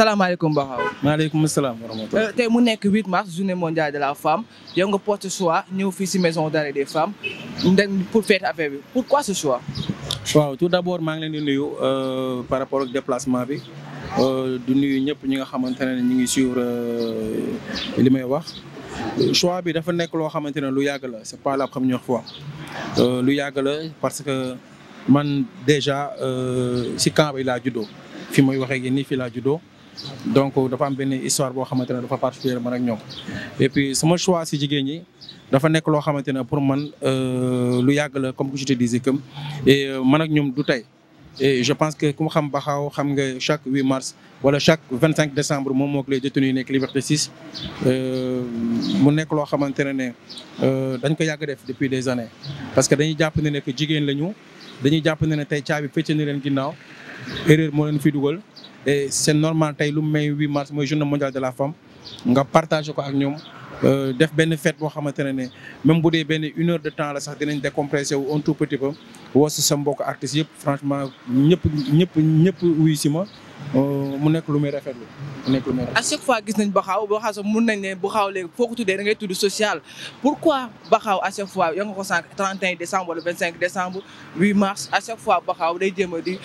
salaamaaleykum Baxaw. maaleykum salaam wa rahmatulah. Euh, mu nekk huit mars journée mondiale de la femme yow nga porte choix ñëw fii si maison d'arrêt des femmes ndax pour fête bi pourquoi ce choix. waaw tout d'abord maa ngi leen di nuyu euh, par rapport ak déplacement bi euh, du nuyu ñëpp ñi nga xamante ne ñu ngi suivre li may wax. choix bi dafa nekk loo xamante ne lu yàgg la c'est pas la première foi lu yàgg la parce que man déjà si camp bi laa juddoo fi may waxee nii fi laa juddoo. donc dafa am benn histoire boo xamante ne dafa particulier man ak ñoom et puis sama choix si jigéen ñi dafa nekk loo xamante ne pour man euh, lu yàgg la comme que je te disais que euh, man ak ñoom du tey et je pense que ku mu xam baxaaw xam nga chaque 8 mars wala chaque cinq décembre moom moo ko lay détenu nekk Liberté 6 euh, mu nekk loo xamante ne ne dañ ko yàgg def depuis des années parce que dañuy jàpp ne ne jigéen la ñu dañuy jàpp ne ne tey caabi fecce na leen ginnaaw erreur moo leen fi dugal et c'est normal tey lu may 8 mars mooy journée mondiale de la femme nga partagé ko ak ñoom euh, def benn fête boo xamante ne ne même bu dee benn une heure de temps la sax dinañ décompressé wu un tout petit woo si sa mbokk artistes yëpp franchement ñëpp ñëpp ñëpp wuyu si ma. mu nekk lu muy rafetlu mu nekk lu muy rafetlu. à chaque fois gis nañ Baxaw Baxaw sax mun nañ ne Baxaw léegi foo ko tuddee da ngay tudd social pourquoi Baxaw à chaque fois ya nga ko sànq 31 décembre wala 25 décembre 8 mars à chaque fois Baxaw day jéem a di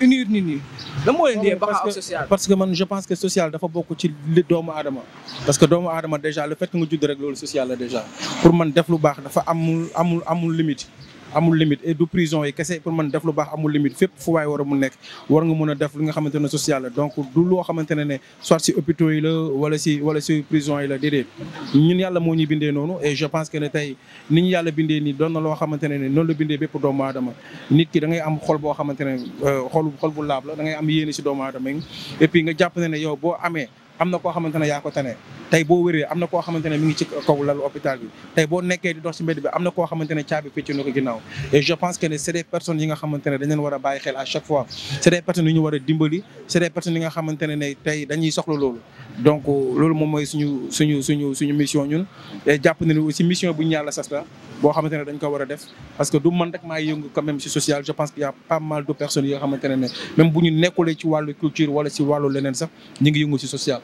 unir nit ñi. lan moo leen di Baxaw social parce que man je pense que social dafa bokk ci li doomu aadama parce que doomu aadama déjà le fait que nga judd rek loolu social la déjà pour man def lu baax dafa amul amul amul limite. amul limite et du prison yi kese pour man def lu baax amul limite fépp fu waay war a mu nekk war nga mën a def li nga xamante ne social la donc du loo xamante ne ne soit si hôpitaux la wala si wala si prison yi la déedéet ñun yàlla moo ñu bindee noonu et je pense que ne tey ni ñu yàlla bindee nii doon na loo xamante ne ne noonu la bindee bépp doomu aadama nit ki da ngay am xol boo xamante ne euh, xol xol bu laab la da ngay am yéene si doomu aadama yi et nga jàpp ne ne yow boo amee am na koo xamante ne yaa ko tane tey boo wéree am na koo xamante ne mi ngi ci kaw lalu hôpital bi tey boo nekkee di dox ci mbedd bi am na koo xamante ne caabi fecc na ko ginnaaw et je pense que ne c'est des personnes ne dañ a bàyyi xel a dimbali c'est des personnes yi ne ne tey mooy suñu suñu suñu suñu mission ñun jàpp na ne mission bu ñu yàlla sas la boo xamante ne dañ ko war a def parce que du man rek maa yëngu quand si social je pense qu'il y a pas mal de personnes yi nga xamante ne ne même bu ñu nekkulee ci wàllu culture wala si wàllu leneen sax ñu ngi yëngu si social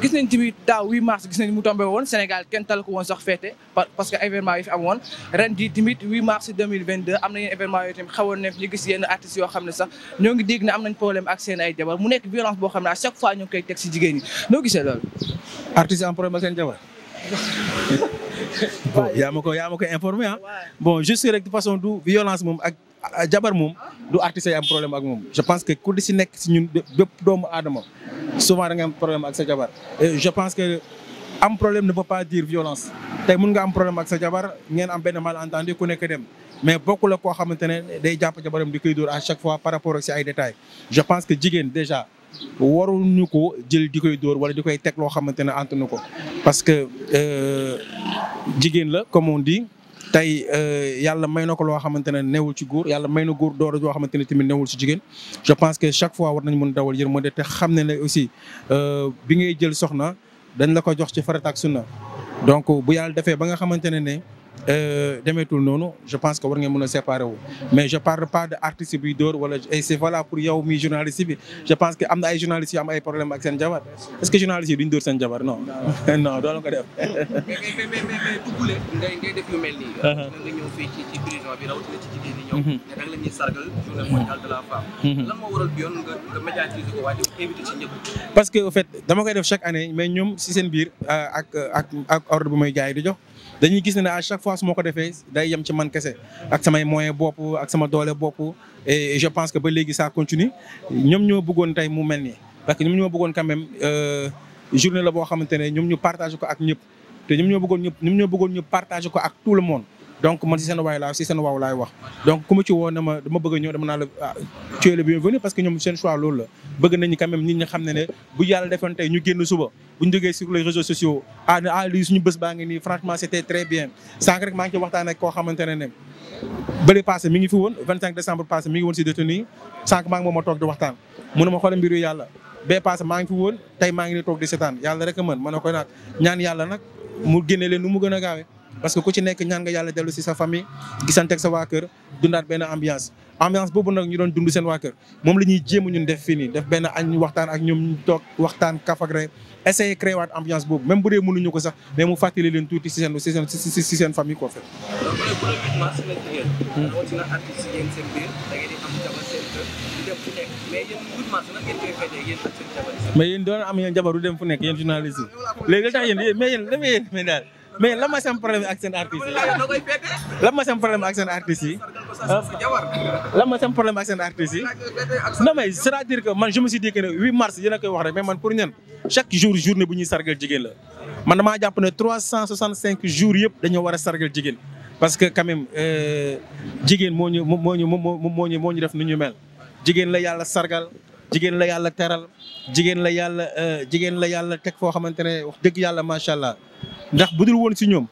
gis nañ tamit daaw 8 mars gis nañ mu tombé Sénégal kenn tal woon sax féete parce que événement am woon ren jii tamit 8 mars am na événement yooyu tamit xawoon am nañ problème ak seen ay jabar mu nekk violence boo xam ne à chaque fois ñoo ngi koy teg si gisee loolu. artistes am problème ak seen jabar. bon yaa ma ah. bon juste rek de façon du violence moom Ah, jabar moom du artiste am problème ak moom je pense que ku di si nekk si ñun bépp doomu aadama souvent da nga am problème ak sa jabar je pense que am problème ne veut pas dire violence tey mun nga am problème ak sa jabar ngeen am benn malentendu ku nekk dem mais bokku la koo xamante ne day jàpp jabaram di koy dóor à chaque fois par rapport ak si ay détails je pense que jigéen déjà ñu ko jël di koy dóor wala di koy teg loo xamante ne antu na ko parce que euh, jigéen la comme on tey euh, yàlla may na ko loo xamante ne newul ci góor yàlla may na góor doole yoo xamante ne tamit newul ci jigéen je pense que chaque fois war nañ a dawal yërmande te xam ne ne aussi euh, bi ngay jël soxna dañ la ko jox ci farata ak sunna donc bu yàlla defee ba nga xamante ne ne Euh, demeetul noonu je pense que war ngeen mën a séparer wu mais je parle pas de artiste bi dóor wala et c' pour yow mi journaliste bi je pense que am na ay journalistes yu am ay problème ak seen jabar est ce que journaliste yi duñ dóor ko uh-huh. mm-hmm. de la femme. Mm-hmm. lan parce que en fait dama koy def chaque année mais ñoom si seen biir euh, ak ak ak ordre bu may gars yi di jox. dañuy gis ne à chaque fois su ko defee day yem ci man kese ak samay moyen bopp ak sama doole bopp e je pense que ba léegi ça continue ñoom ñoo bëggoon tey mu mel ni parce que ñoom ñoo bëggoon quand même euh, journée la boo xamante ne ñoom ñu partagé ko ak ñëpp te ñoom ñoo bëggoon ñëp ñoom ñoo bëggoon ñu partagé ko ak tout le monde donc man si seen waay laa wax donc ku ma ci woo ne ma dama bëgg a ñëw dama naa la ah, tu es le bienvenu parce que ñoom seen choix loolu la bëgg nañu quand même nit xam ne ne bu yàlla defoon tey ñu génn suba bu ñu jógee sur les réseaux sociaux ah ne ah lii baa ngi nii franchement c'était très bien sànq rek maa ngi ci waxtaan ak koo xamante ne ne bële passé mi ngi fi woon 25 décembre passé mi ngi woon si détenu yi maa moom ma toog di waxtaan mu a mën ma ne ko a gaawee parce que ku ci nekk ñaan yàlla dellu si sa famille gisanteeg sa waa kër dundaat benn ambiance ambiance boobu nag ñu doon dund seen waa kër moom la ñuy jéem ñun def fii nii def benn añ waxtaan ak ñoom ñu toog waxtaan kaf ak ree essayer créer ambiance boobu même bu dee mënuñu ko sax mais mu fàttali leen tuuti si seen si seen si doon am yéen jabar du nekk yéen journaliste yi mais lan ma sam problème ak seen artistes yi lan ma sam problème yi lan ma sam problème ak seen yi non mais c'est-à-dire que man je me suis ne 8 mars yéen a koy wax rek mais man pour ñan chaque jour journée bu ñu sargal jigéen la man damaa jàpp ne cent 365 jours yëpp dañoo war a sargal jigéen parce que quand même euh, jigéen moo ñu moo ñu moo ñu moo ñu def nu ñu mel jigéen la yàlla sargal jigéen la yàlla teral jigéen la yàlla euh, jigéen la yàlla teg foo xamante ne wax dëgg yàlla macha allah ndax budul woon si ñoom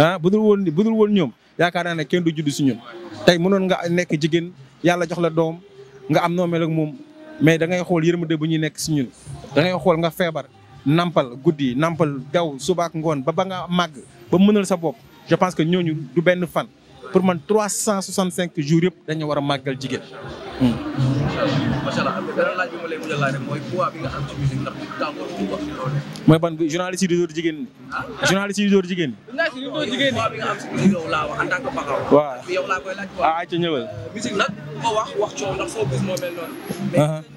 ah budul woon budul woon ñoom yaakaar naa ne kenn du judd si ñun tey mënoon nga nekk jigéen yàlla jox la doom nga am noo mel ak moom mais da ngay xool yërmande bu ñuy nekk si ñun dangay ngay xool nga feebar nampal guddi nampal daw subaak ngoon ba ba nga màgg ba mënal sa bopp je pense que ñooñu du benn fan. pour man trois cent soixante cinq jours yëpp dañu war a màggal jigéen. Hmm. macha allah beneen ah? di dóor jigéen ñi. journaliste di dóor jigéen jigéen ñi. poids ci musique yow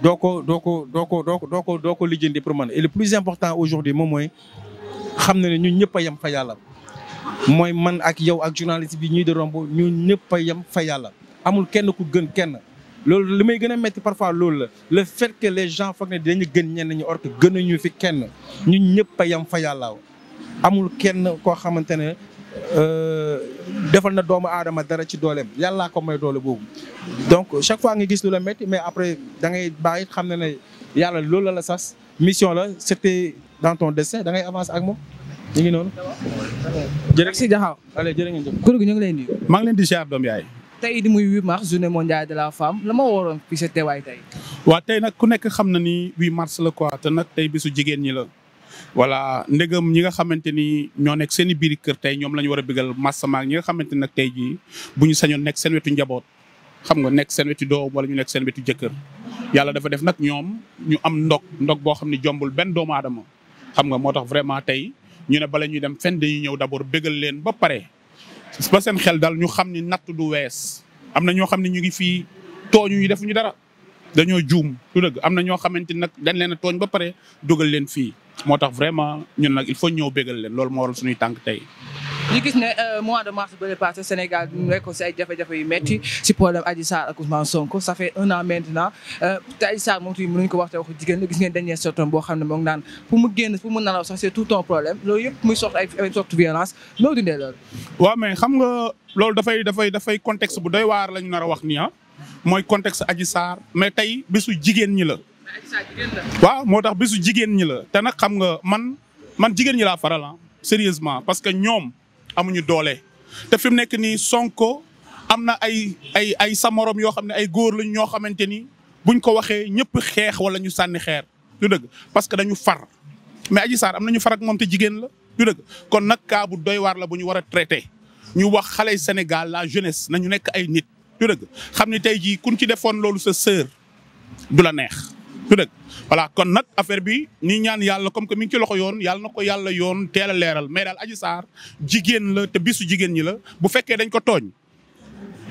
doo ko doo ko doo ko doo ko doo ko ko lijjanti pour man et le plus important aujourd'hui moom mooy xam na ne ñun ñëpp a yem fa yàlla mooy man ak yow ak journaliste bi ñuy di romb ñun ñëpp a yem fa yàlla amul kenn ku gën kenn loolu li may gën a metti parfois loolu la le fait que les gens foog ne dañu gën ñenn ñi or que gënuñu fi kenn ñun ñëpp a yem fa yàlla amul kenn koo xamante ne Euh, defal na doomu aadama dara ci dooleem yàllaa ko may doole boobu donc chaque fois nga gis lu la métti mais après dangay ngay bàyyi xam ne ne yàlla loolu la la sas mission la c'était dans ton destin da ngay avancer ak moom ñu ngi noonu. jërëjëf si Diakhao. allez jërë ngeen jëf. kuréel gi ñu ngi lay nuyu. maa ngi leen di ziar doom yaay. tey di muy 8 mars journée mondiale de la femme la ma waroon fii sa teewaay tey. waa tey na ku nekk xam na ni 8 mars la quoi te nag tey bisu jigéen ñi la. voilà ndegam ñi nga xamante ni ñoo nekk seen i biir kër tey ñoom la ñu war a bigal massamaak ñi nga xamante nag tey jii bu ñu sañoo nekk seen wetu njaboot xam nga nekk seen wetu wala ñu nekk seen wetu jëkkër yàlla dafa def nag ñoom ñu am ndog ndog boo xam ne jombul benn doomu aadama xam nga moo tax vraiment tey ñu ne bala ñuy dem fenn dañuy ñëw d'abord bégal leen ba pare ba seen xel daal ñu xam ni natt du wees am na ñoo xam ne ñu ngi fii tooñu ñu defuñu dara dañoo juum du dëgg am na ñoo xamante nag dañ leen a ba pare dugal leen fii moo tax vraiment ñun nag il faut ñëw bégal leen loolu moo waral suñuy tànk tey. ñu gis ne euh, mois de mars bële passé Sénégal ñu nekkoon si ay jafe-jafe yu metti si problème Adji Sarr ak Ousmane Sonko ça fait un an maintenant euh, te Adji Sarr ko wax te waxu jigéen la gis ngeen dernier sortom boo xam ne moom naan pour mu génn pour mu nalaw sax c'est tout un problème loolu yëpp muy sorte ay sorte violence noo dundee loolu. waaw mais xam nga loolu dafay dafay dafay contexte bu doy waar la ñu nar a wax nii ah mooy contexte Adji Sarr mais tey bisu jigéen ñi la. waaw moo tax bisu jigéen ñi la te nag xam nga man man jigéen ñi laa faral ah sérieusement parce que ñoom amuñu doole te fi mu nekk nii Sonko am na ay ay ay sa yoo xam ne ay góor lañ ñoo xamante ni buñ ko waxee ñëpp xeex wala ñu sànni xeer du dëgg parce que dañu far mais Adji Sarr am na ñu far moom te jigéen la du dëgg kon nag kaa bu doy waar la bu ñu war a traité ñu wax xale Sénégal la jeunesse nañu nekk ay nit du dëgg xam ni tey jii kuñ ci defoon loolu sa sœur du la neex. du dëgg voilà kon nag affaire bi ñi ñaan yàlla comme que mi ngi ci loxo yoon yàlla na ko yàlla yoon teel a leeral mais daal Adji saar jigéen la te bisu jigéen ñi la bu fekkee dañ ko tooñ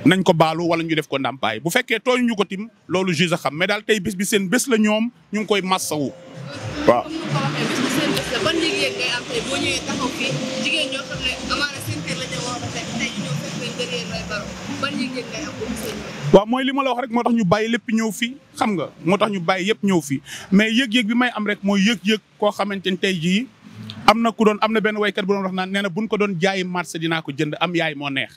nañ ko baalu wala ñu def ko ndàmpaay bu fekkee tooñ ñu ko tim loolu juge a xam mais daal tey bis bi seen bés la ñoom ñu ngi koy massawu waaw. waaw mooy li ma la wax rek moo tax ñu bàyyi lépp ñëw fii xam nga moo tax ñu bàyyi yëpp ñëw fii mais yëg-yëg bi may am rek mooy yëg-yëg koo xamante ni tey jii am na ku doon am na benn waykat bu doon wax naan nee na buñ ko doon jaayi marché dinaa ko jënd am yaay moo neex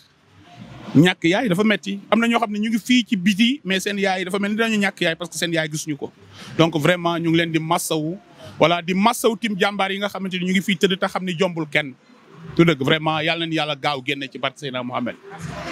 ñàkk yaay dafa metti am na ñoo xam ne ñu ngi fii ci biti mais seen yaay dafa mel ni dañu ñàkk yaay parce que seen yaay gisuñu ko donc vraiment ñu ngi leen di massawu wala di massawu tim jàmbaar yi nga xamante ni ñu ngi fii tëdd te xam ni jombul kenn dëgg vraiment yàlla yàlla gaaw génne ci barke Seydina Mohamed